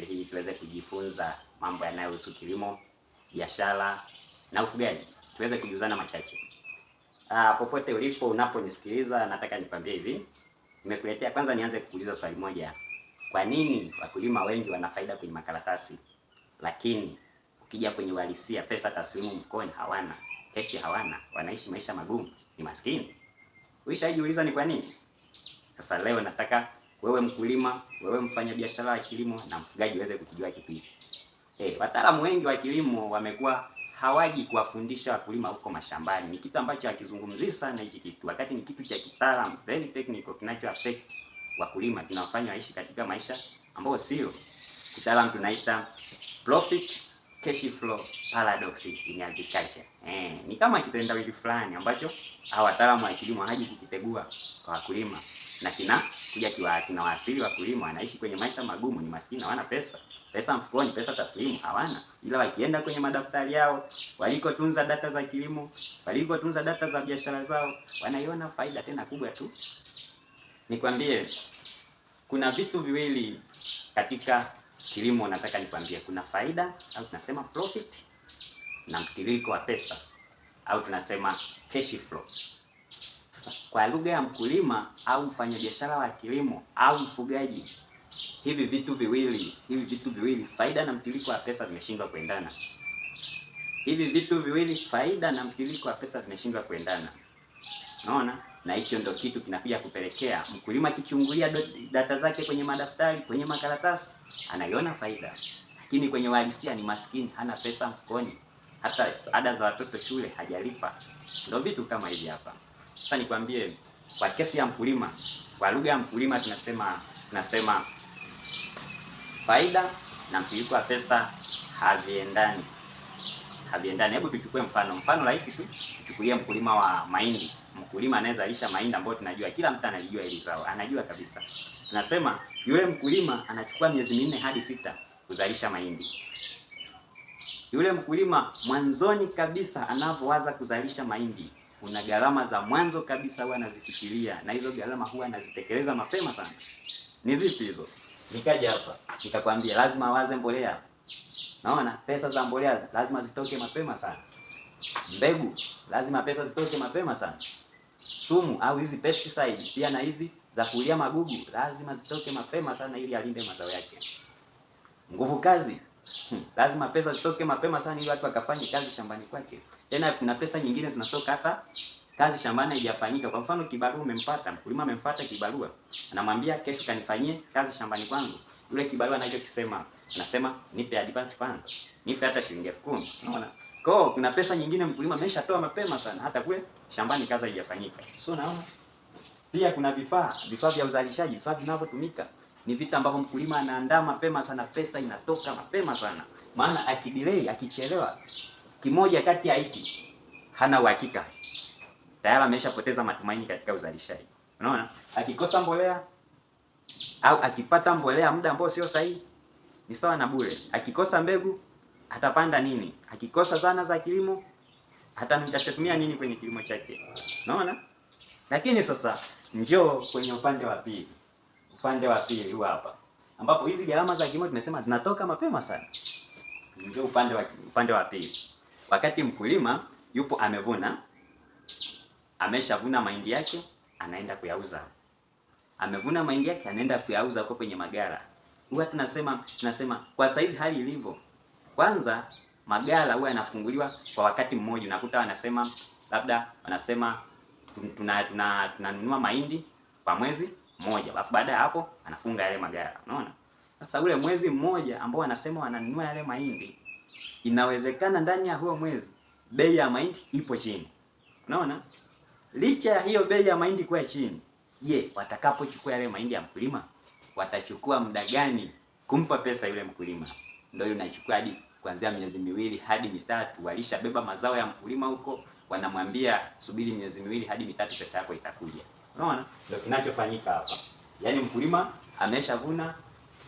channel hii tuweze kujifunza mambo yanayohusu kilimo, biashara na ufugaji, tuweze kujuzana machache. Aa, ah, popote ulipo unaponisikiliza, nataka nikwambie hivi, nimekuletea kwanza. Nianze kukuuliza swali moja, kwa nini wakulima wengi wana faida kwenye makaratasi, lakini ukija kwenye uhalisia, pesa taslimu mfukoni hawana, keshi hawana, wanaishi maisha magumu, ni maskini? Ulishajiuliza ni kwa nini? Sasa leo nataka wewe mkulima, wewe mfanyabiashara wa kilimo na mfugaji uweze kukijua kitu hiki. Eh, wataalamu wengi wa kilimo wamekuwa hawaji kuwafundisha wakulima huko mashambani. Ni kitu ambacho hakizungumzii sana hichi kitu, wakati ni kitu cha kitaalamu, very technical, kinacho affect wakulima, kinawafanya waishi katika maisha ambayo sio kitaalamu, tunaita profit cash flow paradox in agriculture. Eh, ni kama kitendawili fulani ambacho hawa wataalamu wa kilimo haji kukitegua kwa wakulima na kina kuja kiwa kina waasili wakulima, wanaishi kwenye maisha magumu, ni maskini, hawana pesa, pesa mfukoni, pesa taslimu hawana, ila wakienda kwenye madaftari yao walikotunza data za kilimo, walikotunza data za biashara zao, wanaiona faida tena kubwa tu. Nikwambie kuna vitu viwili katika kilimo, nataka nikwambie kuna faida au tunasema profit na mtiririko wa pesa au tunasema cash flow. Sasa kwa lugha ya mkulima au mfanyabiashara wa kilimo au mfugaji, hivi vitu viwili hivi vitu viwili, faida na mtiririko wa pesa vimeshindwa kuendana. Hivi vitu viwili, faida na mtiririko wa pesa vimeshindwa kuendana. Unaona? na hicho ndo kitu kinakuja kupelekea mkulima akichungulia data zake kwenye madaftari, kwenye makaratasi anaiona faida, lakini kwenye uhalisia ni maskini, hana pesa mfukoni, hata ada za watoto shule hajalipa. Ndio vitu kama hivi hapa. Sasa nikwambie, kwa kesi ya mkulima, kwa lugha ya mkulima tunasema tunasema faida na mtiririko wa pesa haviendani haviendani. Hebu tuchukue mfano mfano rahisi tu, tuchukulie mkulima wa mahindi, mkulima anaweza anayezalisha mahindi ambayo tunajua kila mtu analijua hili zao, anajua kabisa. Tunasema yule mkulima anachukua miezi minne hadi sita kuzalisha mahindi. Yule mkulima mwanzoni kabisa anavyowaza kuzalisha mahindi, kuna gharama za mwanzo kabisa huwa anazifikiria, na hizo gharama huwa anazitekeleza mapema sana. Ni zipi hizo? Nikaja hapa nikakwambia, lazima awaze mbolea Naona pesa za mbolea lazima zitoke mapema sana, mbegu lazima pesa zitoke mapema sana, sumu au hizi pesticide pia na hizi za kulia magugu lazima zitoke mapema sana, ili alinde mazao yake. Nguvu kazi Hmm, lazima pesa zitoke mapema sana ili watu wakafanye kazi shambani kwake. Tena kuna pesa nyingine zinatoka hapa kazi shambani haijafanyika. Kwa mfano kibarua umempata, mkulima amemfuata kibarua, anamwambia kesho kanifanyie kazi shambani kwangu yule kibarua anachokisema anasema, nipe advance kwanza, nipe hata shilingi elfu kumi unaona. Kwa kuna pesa nyingine mkulima ameshatoa mapema sana, hata kule shambani kazi haijafanyika, so unaona. Pia kuna vifaa vifaa vya uzalishaji, vifaa vinavyotumika ni vitu ambavyo mkulima anaandaa mapema sana, pesa inatoka mapema sana, maana akidelay, akichelewa kimoja kati ya hiki hana uhakika, tayari ameshapoteza matumaini katika uzalishaji, unaona. Akikosa mbolea au akipata mbolea muda ambao sio sahihi ni sawa na bure. Akikosa mbegu atapanda nini? Akikosa zana za kilimo atatumia nini kwenye kilimo chake? Unaona? Lakini sasa njoo kwenye upande wa pili, upande wa pili huu hapa, ambapo hizi gharama za kilimo tumesema zinatoka mapema sana. Njoo upande wa upande wa pili, wakati mkulima yupo amevuna, ameshavuna mahindi yake, anaenda kuyauza amevuna mahindi yake anaenda kuyauza huko kwenye magara. Huwa tunasema tunasema kwa saizi hali ilivyo. Kwanza magara huwa yanafunguliwa kwa wakati mmoja, unakuta wanasema labda wanasema tunanunua tuna, tuna, tuna mahindi kwa mwezi mmoja, alafu baada ya hapo anafunga yale magara, unaona. Sasa ule mwezi mmoja ambao wanasema wananunua yale mahindi, inawezekana ndani ya huo mwezi bei ya mahindi ipo chini, unaona. Licha ya hiyo bei ya mahindi kuwa chini Je, watakapochukua yale mahindi ya mkulima watachukua muda gani kumpa pesa yule mkulima? Ndio inachukua hadi kuanzia miezi miwili hadi mitatu. Walishabeba mazao ya mkulima huko, wanamwambia subiri miezi miwili hadi mitatu, pesa yako itakuja. Unaona, ndio kinachofanyika hapa. Yaani mkulima ameshavuna,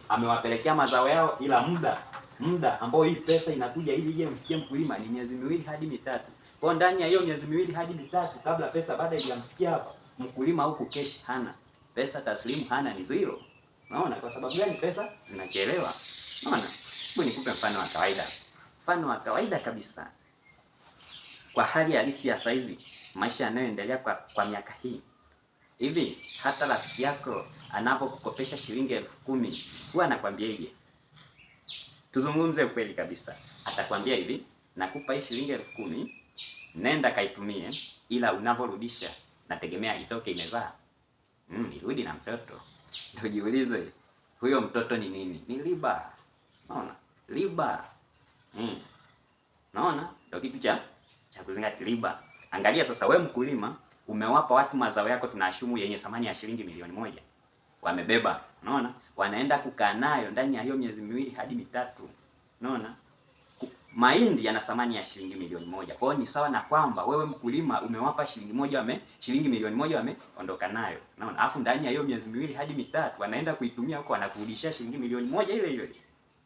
amewapelekea mazao yao, ila muda muda ambao hii pesa inakuja ili ije mfikie mkulima ni miezi miwili hadi mitatu. Kwa ndani ya hiyo miezi miwili hadi mitatu, kabla pesa baada ya kumfikia hapa mkulima huku cash hana pesa taslimu hana, ni zero. Unaona kwa sababu gani pesa zinachelewa? Unaona, hebu nikupe mfano wa kawaida, mfano wa kawaida kabisa kwa hali halisi ya saizi, maisha yanayoendelea kwa, kwa miaka hii hivi, hata rafiki yako anapokukopesha shilingi elfu kumi huwa anakwambia hivi, Tuzungumze ukweli kabisa, atakwambia hivi, nakupa hii shilingi elfu kumi nenda kaitumie, ila unavorudisha nategemea itoke imezaa. Mm, mm, nirudi na mtoto. ndojiulize huyo mtoto ni nini? Ni liba. naona Liba. Mm. naona ndo kitu cha cha kuzingatia liba. Angalia sasa we mkulima umewapa watu mazao yako tunaashumu yenye thamani ya shilingi milioni moja. Wamebeba, unaona? Wanaenda kukaa nayo ndani ya hiyo miezi miwili hadi mitatu. Unaona? mahindi yana thamani ya shilingi milioni moja. Kwa hiyo ni sawa na kwamba wewe mkulima umewapa shilingi moja wame shilingi milioni moja wameondoka nayo. Unaona? Alafu ndani ya hiyo miezi miwili hadi mitatu wanaenda kuitumia huko wanakurudishia shilingi milioni moja ile ile.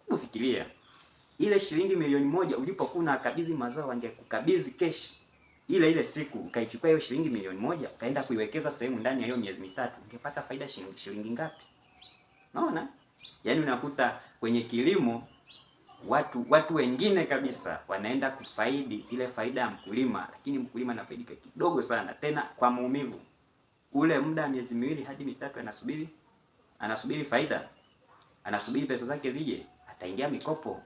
Hebu fikiria. Ile shilingi milioni moja ulipokuwa unakabidhi mazao wangekukabidhi cash ile ile siku ukaichukua hiyo shilingi milioni moja ukaenda kuiwekeza sehemu ndani ya hiyo miezi mitatu ungepata faida shilingi, shilingi ngapi? Unaona? Yaani unakuta kwenye kilimo watu watu wengine kabisa wanaenda kufaidi ile faida ya mkulima, lakini mkulima anafaidika kidogo sana, tena kwa maumivu. Ule muda miezi miwili hadi mitatu anasubiri, anasubiri faida, anasubiri pesa zake zije, ataingia mikopo,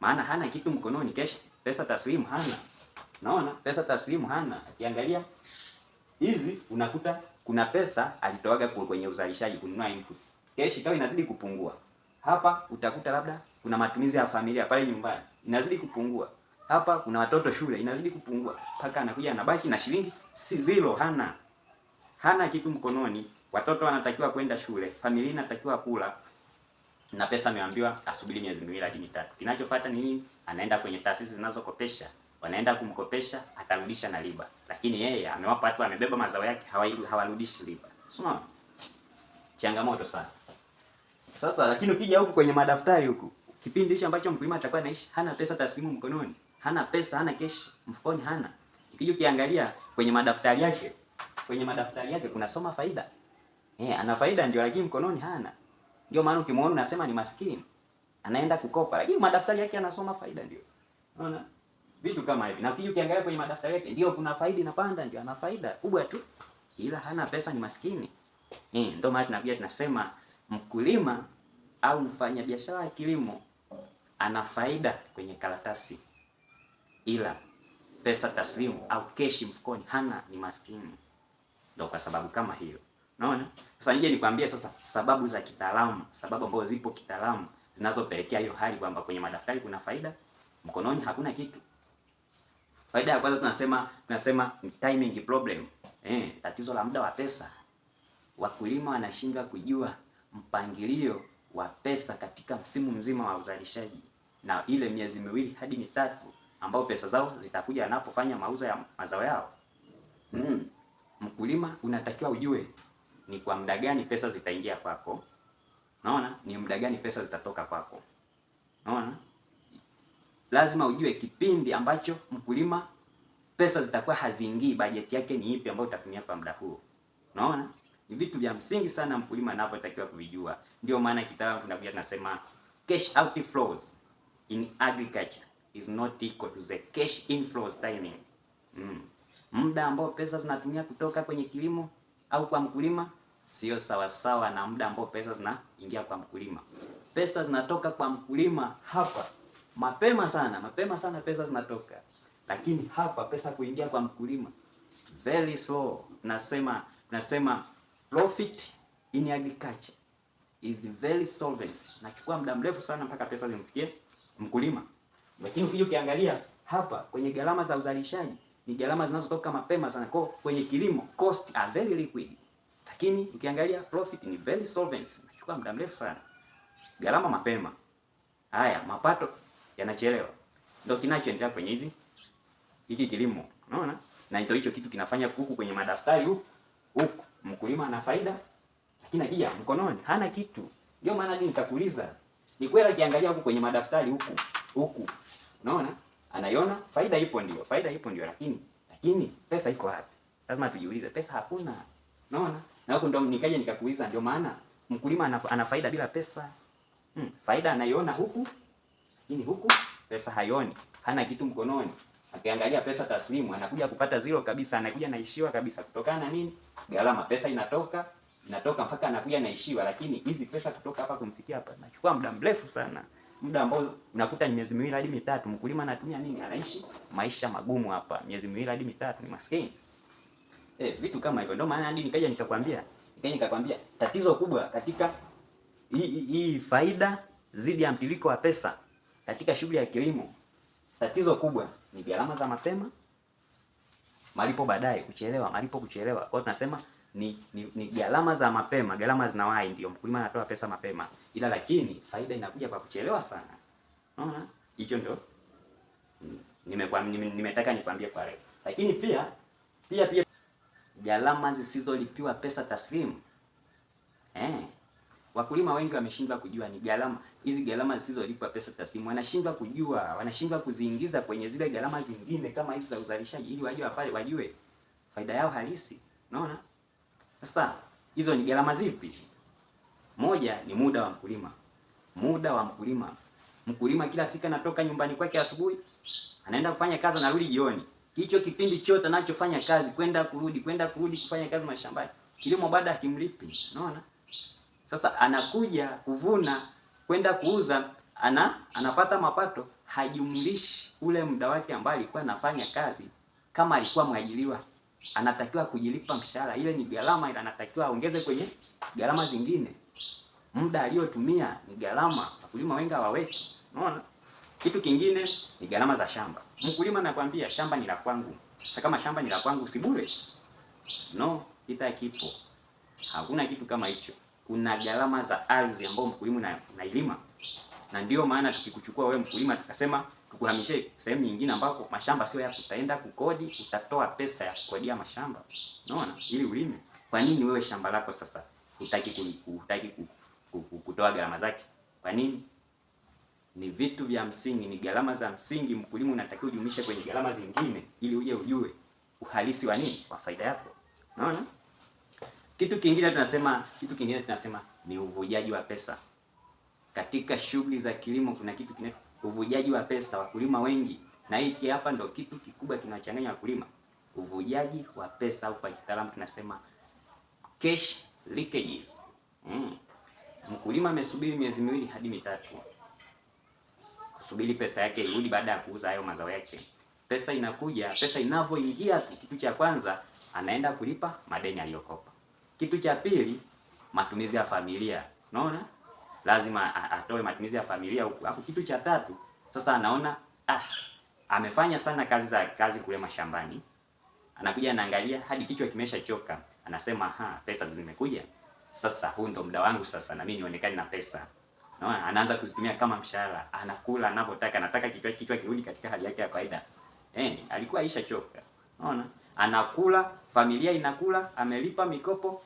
maana hana kitu mkononi, cash, pesa taslimu hana. Naona pesa taslimu hana, akiangalia hizi unakuta kuna pesa alitoaga kwenye uzalishaji kununua input, cash ikawa inazidi kupungua hapa utakuta labda kuna matumizi ya familia pale nyumbani inazidi kupungua. Hapa kuna watoto shule inazidi kupungua mpaka anakuja anabaki na shilingi si zero, hana hana kitu mkononi. Watoto wanatakiwa kwenda shule, familia inatakiwa kula, na pesa ameambiwa asubiri miezi miwili hadi mitatu. Kinachofuata ni nini? Anaenda kwenye taasisi zinazokopesha, wanaenda kumkopesha, atarudisha na riba, lakini yeye amewapa watu, amebeba mazao yake, hawarudishi riba. Sio changamoto sana. Sasa lakini ukija huku kwenye madaftari huku, kipindi hicho ambacho mkulima atakuwa anaishi hana pesa taslimu mkononi, hana pesa, hana cash mfukoni, hana. Ukija ukiangalia kwenye madaftari yake, kwenye madaftari yake kuna soma faida. Eh, ana faida ndio, lakini mkononi hana. Ndio maana ukimwona unasema ni maskini. Anaenda kukopa, lakini madaftari yake anasoma faida ndio. Unaona? Vitu kama hivi. Na ukija ukiangalia kwenye madaftari yake, ndio kuna faida inapanda, ndio ana faida kubwa tu. Ila hana pesa, ni maskini. Eh, ndio maana tunakuja tunasema mkulima au mfanyabiashara wa kilimo ana faida kwenye karatasi, ila pesa taslimu au keshi mfukoni hana, ni maskini. Ndio kwa sababu kama hiyo unaona. Sasa nije nikwambie sasa sababu za kitaalamu, sababu ambazo zipo kitaalamu zinazopelekea hiyo hali kwamba kwenye madaftari kuna faida, mkononi hakuna kitu. Faida ya kwanza tunasema tunasema timing problem, eh, tatizo la muda wa pesa. Wakulima wanashindwa kujua mpangilio wa pesa katika msimu mzima wa uzalishaji na ile miezi miwili hadi mitatu ambao pesa zao zitakuja anapofanya mauzo ya mazao yao. Mm. Mkulima unatakiwa ujue ni kwa muda gani pesa zitaingia kwako. Naona Ni muda gani pesa zitatoka kwako. Naona Lazima ujue kipindi ambacho mkulima pesa zitakuwa haziingii, bajeti yake ni ipi ambayo utatumia kwa muda huo. naona ni vitu vya msingi sana mkulima anavyotakiwa kuvijua. Ndio maana kitaalamu tunakuja tunasema cash outflows in agriculture is not equal to the cash inflows timing. Mm. Muda ambao pesa zinatumia kutoka kwenye kilimo au kwa mkulima sio sawa sawa na muda ambao pesa zinaingia kwa mkulima. Pesa zinatoka kwa mkulima hapa mapema sana, mapema sana pesa zinatoka, lakini hapa pesa kuingia kwa mkulima very slow. Nasema nasema Profit in agriculture is very solvent. Nachukua muda mrefu sana mpaka pesa zimfikie mkulima. Lakini ukija ukiangalia hapa kwenye gharama za uzalishaji ni gharama zinazotoka mapema sana. Kwa kwenye kilimo cost are very liquid. Lakini ukiangalia profit ni very solvent. Nachukua muda mrefu sana. Gharama mapema. Haya, mapato yanachelewa. Ndio kinachoendelea kwenye hizi hiki kilimo. Unaona? Na ndio hicho kitu kinafanya kuku kwenye madaftari huku mkulima ana faida, lakini akija mkononi hana kitu. Ndio maana hadi nitakuuliza, ni kweli akiangalia huku kwenye madaftari huku huku, unaona anaiona faida ipo, ndio faida ipo ndio, lakini lakini pesa iko wapi? Lazima tujiulize, pesa hakuna, unaona. Na huko ndio nikaje nikakuuliza, ndio maana mkulima ana faida bila pesa hmm, faida anaiona huku, lakini huku pesa haioni, hana kitu mkononi. Akiangalia pesa taslimu anakuja kupata zero kabisa, anakuja naishiwa kabisa kutokana na nini? Gharama, pesa inatoka inatoka mpaka anakuja naishiwa, lakini hizi pesa kutoka hapa kumfikia hapa inachukua muda mrefu sana, muda ambao unakuta ni miezi miwili hadi mitatu. Mkulima anatumia nini? Anaishi maisha magumu hapa, miezi miwili hadi mitatu, ni maskini eh, vitu kama hivyo. Ndio maana hadi nikaja nikakwambia, nikaja nikakwambia tatizo kubwa katika hii hii faida zidi ya mtiliko wa pesa katika shughuli ya kilimo, tatizo kubwa ni gharama za mapema, malipo baadaye, kuchelewa malipo, kuchelewa. Kwa hiyo tunasema ni, ni, ni gharama za mapema, gharama zinawahi. Ndio mkulima anatoa pesa mapema, ila lakini faida inakuja kwa kuchelewa sana. Unaona, hicho ndio nimekuwa nimetaka nikwambie kwa leo. Lakini pia pia pia gharama zisizolipiwa pesa taslimu eh Wakulima wengi wameshindwa kujua ni gharama hizi, gharama zisizolipwa pesa taslimu, wanashindwa kujua, wanashindwa kuziingiza kwenye zile gharama zingine kama hizo za uzalishaji, ili waje wapale, wajue faida yao halisi. Unaona, sasa hizo ni gharama zipi? Moja ni muda wa mkulima, muda wa mkulima. Mkulima kila siku anatoka nyumbani kwake asubuhi, anaenda kufanya kazi, anarudi jioni. Hicho kipindi chote anachofanya kazi, kwenda kurudi, kwenda kurudi, kufanya kazi mashambani, kilimo bado hakimlipi. Unaona. Sasa anakuja kuvuna kwenda kuuza, ana anapata mapato, hajumlishi ule muda wake ambao alikuwa anafanya kazi. Kama alikuwa mwajiliwa, anatakiwa kujilipa mshahara, ile ni gharama, ila anatakiwa aongeze kwenye gharama zingine. Muda aliyotumia ni gharama, wakulima wengi hawaweki. Unaona, kitu kingine ni gharama za shamba. Mkulima anakwambia shamba ni la kwangu. Sasa kama shamba ni la kwangu, si bure? No, kipo, hakuna kitu kama hicho kuna gharama za ardhi ambayo mkulima unailima na, na ndio maana tukikuchukua wewe mkulima tukasema tukuhamishe sehemu nyingine ambako mashamba sio ya kutaenda kukodi, utatoa pesa ya kukodia mashamba, unaona, ili ulime. Kwa nini wewe shamba lako sasa hutaki hutaki kutoa gharama zake? Kwa nini? Ni vitu vya msingi, ni gharama za msingi. Mkulima unatakiwa ujumlishe kwenye gharama zingine, ili uje ujue uhalisi wa nini, wa faida yako, unaona. Kitu kingine tunasema kitu kingine tunasema ni uvujaji wa pesa katika shughuli za kilimo. Kuna kitu kinaitwa uvujaji wa pesa, wakulima wengi, na hiki hapa ndo kitu kikubwa kinachanganya wakulima, uvujaji wa pesa, au kwa kitaalamu tunasema cash leakages. Mm. Mkulima amesubiri miezi miwili hadi mitatu kusubiri pesa yake irudi baada ya kuuza hayo mazao yake. Pesa inakuja, pesa inavyoingia tu, kitu cha kwanza anaenda kulipa madeni aliyokopa. Kitu cha pili, matumizi ya familia. Unaona? Lazima atoe matumizi ya familia huku. Alafu kitu cha tatu, sasa anaona ah, amefanya sana kazi za kazi kule mashambani. Anakuja anaangalia hadi kichwa kimeshachoka. Anasema ha, pesa zimekuja. Sasa huu ndo muda wangu sasa na mimi nionekane na pesa. Unaona? Anaanza kuzitumia kama mshahara. Anakula anavyotaka, anataka kichwa kichwa kirudi katika hali yake ya kawaida. Eh, alikuwa aishachoka. Unaona? anakula, familia inakula, amelipa mikopo,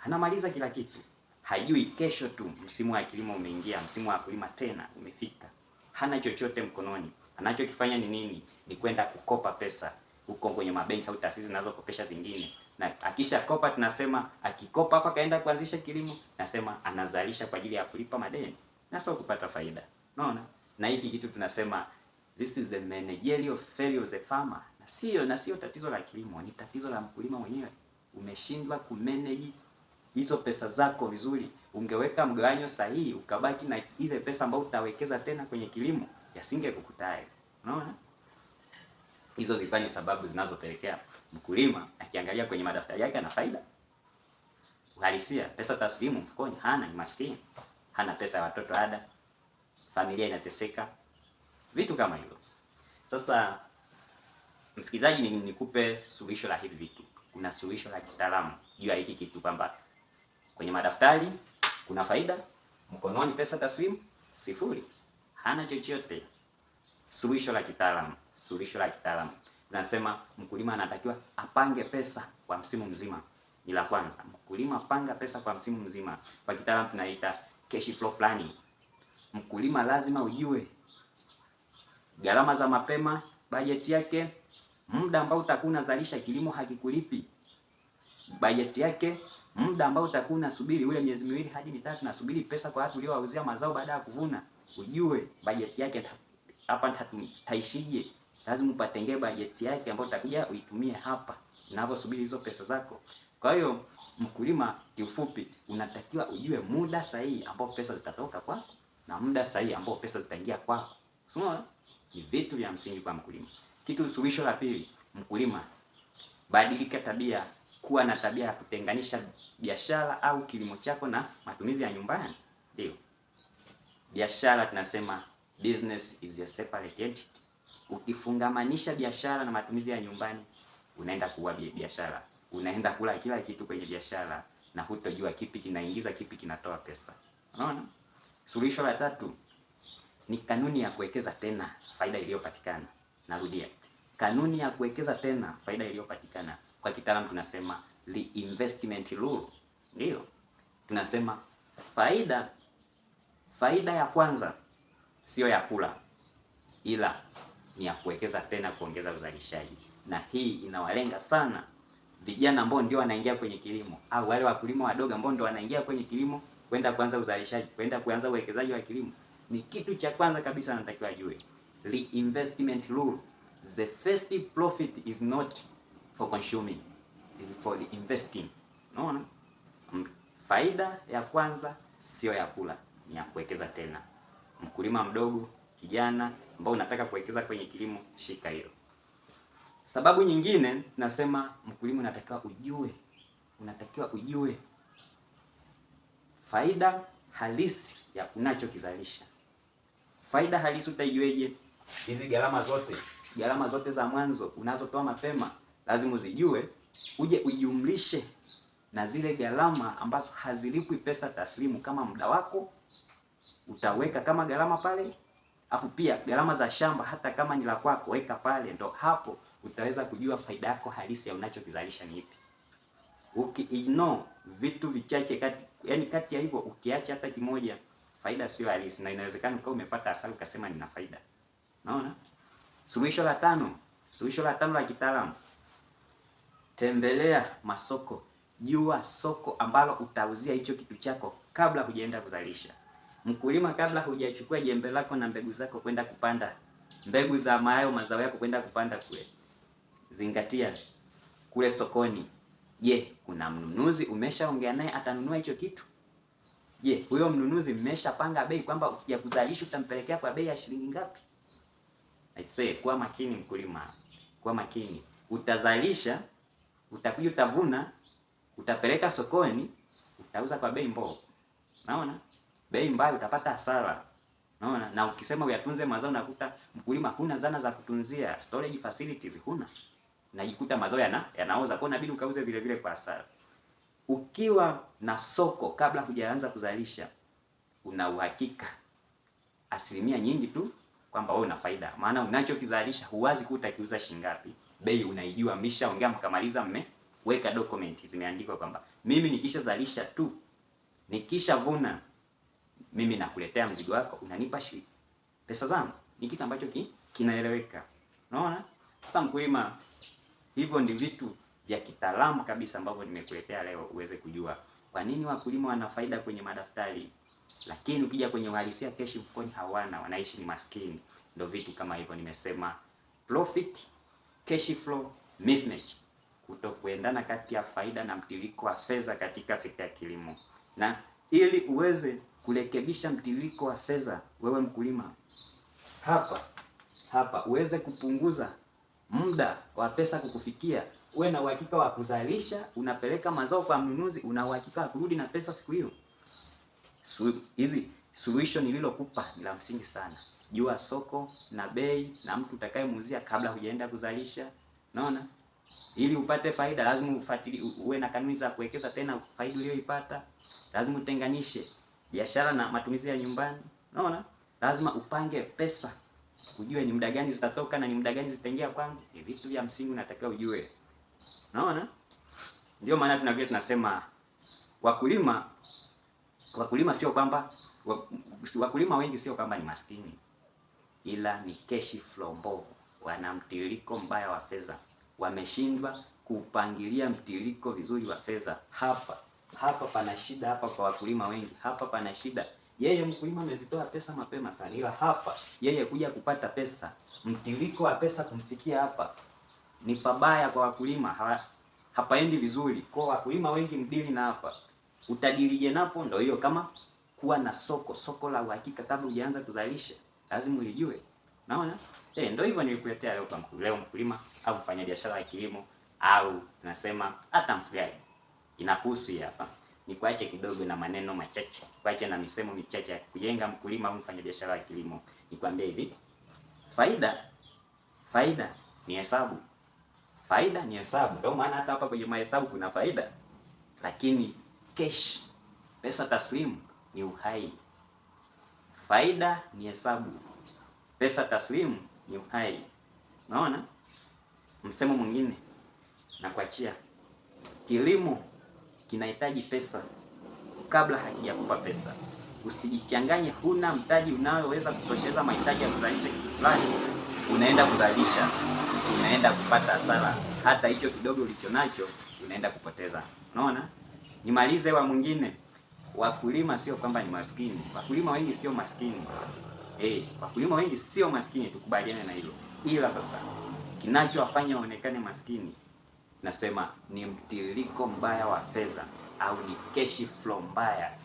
anamaliza kila kitu, hajui kesho tu msimu wa kilimo umeingia, msimu wa kulima tena umefika, hana chochote mkononi. Anachokifanya ni nini? Ni kwenda kukopa pesa huko kwenye mabenki au taasisi zinazokopesha zingine, na akisha kopa, tunasema akikopa afa kaenda kuanzisha kilimo, nasema anazalisha kwa ajili ya kulipa madeni na sio kupata faida. Unaona, na hiki kitu tunasema this is the managerial failure of the farmer na sio na sio tatizo la kilimo, ni tatizo la mkulima mwenyewe. Umeshindwa kumanage hizo pesa zako vizuri. Ungeweka mgawanyo sahihi, ukabaki na ile pesa ambayo utawekeza tena kwenye kilimo, yasingekukuta hayo. Unaona, hizo zilikuwa ni sababu zinazopelekea mkulima akiangalia kwenye madaftari yake ana faida, uhalisia pesa taslimu mfukoni hana, ni maskini, hana pesa ya watoto ada, familia inateseka, vitu kama hivyo. Sasa Msikilizaji, nikupe suluhisho la hivi vitu. Kuna suluhisho la kitaalamu juu ya hiki kitu kwamba kwenye madaftari kuna faida, mkononi pesa taslimu sifuri, hana chochote. Suluhisho la kitaalamu, suluhisho la kitaalamu tunasema mkulima anatakiwa apange pesa kwa msimu mzima. Ni la kwanza, mkulima panga pesa kwa msimu mzima, kwa kitaalamu tunaita cash flow planning. Mkulima lazima ujue gharama za mapema, bajeti yake muda ambao utakuwa unazalisha kilimo hakikulipi bajeti yake, muda ambao utakuwa unasubiri ule miezi miwili hadi mitatu, na subiri pesa kwa watu uliowauzia mazao baada ya kuvuna, ujue bajeti yake hapa taishije. Lazima upatengee bajeti yake ambayo utakuja uitumie hapa unavyosubiri hizo pesa zako. Kwa hiyo mkulima, kiufupi, unatakiwa ujue muda sahihi ambao pesa zitatoka kwako na muda sahihi ambao pesa zitaingia kwako. Unaona, ni vitu vya msingi kwa mkulima. Kitu suluhisho la pili, mkulima, badilika tabia, kuwa na tabia ya kutenganisha biashara au kilimo chako na matumizi ya nyumbani. Ndio biashara tunasema business is a separate entity. Ukifungamanisha biashara na matumizi ya nyumbani, unaenda kuwa biashara, unaenda kula kila kitu kwenye biashara na hutojua kipi kinaingiza, kipi kinatoa pesa. Unaona, suluhisho la tatu ni kanuni ya kuwekeza tena faida iliyopatikana. Narudia, kanuni ya kuwekeza tena faida iliyopatikana, kwa kitaalamu tunasema reinvestment rule. Ndio tunasema faida, faida ya kwanza sio ya kula, ila ni ya kuwekeza tena, kuongeza uzalishaji, na hii inawalenga sana vijana ambao ndio wanaingia kwenye kilimo au wale wakulima wadogo ambao ndio wanaingia kwenye kilimo kwenda kuanza uzalishaji, kwenda kuanza uwekezaji wa kilimo. Ni kitu cha kwanza kabisa anatakiwa ajue reinvestment rule. The first profit is not for consuming, is for investing. Unaona? Mm, faida ya kwanza sio ya kula, ni ya kuwekeza tena. Mkulima mdogo, kijana ambao unataka kuwekeza kwenye kilimo, shika hilo. Sababu nyingine tunasema, mkulima unatakiwa ujue, unatakiwa ujue faida halisi ya unachokizalisha. Faida halisi utaijueje? hizi gharama zote gharama zote za mwanzo unazotoa mapema lazima uzijue, uje ujumlishe na zile gharama ambazo hazilipwi pesa taslimu, kama muda wako utaweka kama gharama pale, afu pia gharama za shamba, hata kama ni la kwako, weka pale, ndo hapo utaweza kujua faida yako halisi ya unachokizalisha ni ipi. Uki ignore vitu vichache kati, yani kati ya hivyo ukiacha hata kimoja, faida sio halisi, na inawezekana ukawa umepata hasara ukasema nina faida. Naona suluhisho la tano, suluhisho la tano la kitaalamu, tembelea masoko, jua soko ambalo utauzia hicho kitu chako kabla hujaenda kuzalisha. Mkulima, kabla hujachukua jembe lako na mbegu zako kwenda kupanda mbegu za mayo mazao yako kwenda kupanda kule, zingatia kule sokoni. Je, kuna mnunuzi umeshaongea naye atanunua hicho kitu? Je, huyo mnunuzi mmeshapanga bei kwamba ya kuzalisha utampelekea kwa bei ya shilingi ngapi? I say kuwa makini mkulima, kuwa makini. Utazalisha, utakuja, utavuna, utapeleka sokoni, utauza kwa bei mbovu. Unaona? Bei mbaya utapata hasara. Unaona? Na ukisema uyatunze mazao nakuta mkulima huna zana za kutunzia, storage facilities huna. Najikuta mazao yana yanaoza kwa inabidi ukauze vile vile kwa hasara. Ukiwa na soko kabla hujaanza kuzalisha, una uhakika asilimia nyingi tu kwamba wewe una faida, maana unachokizalisha huwazi kuta kiuza shingapi, bei unaijua, misha ongea mkamaliza, mmeweka document zimeandikwa kwamba mimi nikishazalisha tu nikishavuna mimi nakuletea mzigo wako, unanipa shi pesa zangu. Ni kitu ambacho ki, kinaeleweka. Unaona sasa mkulima, hivyo ndi vitu vya kitaalamu kabisa ambavyo nimekuletea leo uweze kujua kwa nini wakulima wana faida kwenye madaftari lakini ukija kwenye uhalisia keshi mfukoni hawana, wanaishi ni maskini. Ndio vitu kama hivyo nimesema, profit cash flow mismatch, kutokuendana kati ya faida na mtiririko wa fedha katika sekta ya kilimo. Na ili uweze kurekebisha mtiririko wa fedha, wewe mkulima, hapa hapa uweze kupunguza muda wa pesa kukufikia, uwe na uhakika wa kuzalisha, unapeleka mazao kwa mnunuzi, una uhakika wa kurudi na pesa siku hiyo hizi solution nililokupa ni la msingi sana. Jua soko na bei na mtu utakayemuuzia kabla hujaenda kuzalisha. Unaona? Ili upate faida lazima ufuatili, uwe na kanuni za kuwekeza tena faida uliyoipata. Lazima utenganishe biashara na matumizi ya nyumbani. Unaona? Lazima upange pesa. Ujue ni muda gani zitatoka na ni muda gani zitaingia kwangu. Ni vitu vya msingi unatakiwa ujue. Unaona? Ndio maana tunavyo tunasema wakulima Wakulima sio kwamba wakulima wengi sio kwamba ni maskini, ila ni cash flow mbovu, wana mtiririko mbaya wa fedha, wameshindwa kupangilia mtiririko vizuri wa fedha. Hapa hapa pana shida, hapa kwa wakulima wengi, hapa pana shida. Yeye mkulima amezitoa pesa mapema sana, ila hapa yeye kuja kupata pesa, mtiririko wa pesa kumfikia hapa ni pabaya kwa wakulima, hapaendi vizuri kwa wakulima wengi, mdili na hapa utajiri jenapo ndio hiyo, kama kuwa na soko soko la uhakika. Kabla hujaanza kuzalisha, lazima ulijue. Naona eh, ndio hivyo nilikuletea leo, kama leo mkulima au mfanya biashara ya kilimo au nasema hata mfugaji, inakuhusu hapa. Nikuache kidogo na maneno machache, kuache na misemo michache ya kujenga mkulima au mfanya biashara ya kilimo. Nikwambie hivi, faida faida ni hesabu, faida ni hesabu. Ndio maana hata hapa kwenye mahesabu kuna faida, lakini cash. pesa taslimu ni uhai. Faida ni hesabu, pesa taslimu ni uhai. Naona msemo mwingine na kuachia, kilimo kinahitaji pesa kabla hakijakupa pesa. Usijichanganye, huna mtaji unayoweza kutosheleza mahitaji ya kuzalisha kitu fulani, unaenda kuzalisha, unaenda kupata hasara. Hata hicho kidogo ulichonacho unaenda kupoteza. Unaona? nimalize wa mwingine. Wakulima sio kwamba ni maskini, wakulima wengi sio maskini eh, wakulima wengi sio maskini, tukubaliane na hilo. Ila sasa kinachowafanya waonekane maskini, nasema ni mtiririko mbaya wa fedha au ni cash flow mbaya.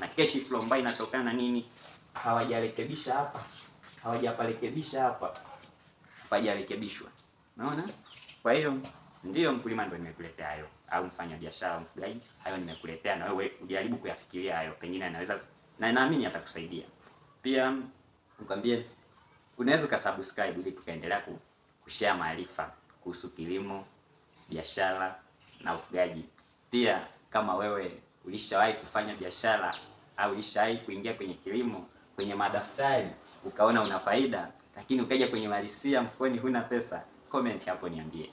Na cash flow mbaya inatokana na nini? Hawajarekebisha hapa, hawajaparekebisha hapa, hawajarekebishwa. Naona, kwa hiyo Ndiyo, mkulima ndio nimekuletea hayo, au mfanya biashara, mfugaji, hayo nimekuletea, na wewe ujaribu kuyafikiria hayo, pengine anaweza na naamini atakusaidia pia. Nikwambie, unaweza ukasubscribe ili tukaendelea ku, kushare maarifa kuhusu kilimo, biashara na ufugaji. Pia kama wewe ulishawahi kufanya biashara au ulishawahi kuingia kwenye kilimo kwenye madaftari ukaona una faida, lakini ukaja kwenye uhalisia mfukoni huna pesa, comment hapo niambie.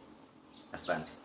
Asante.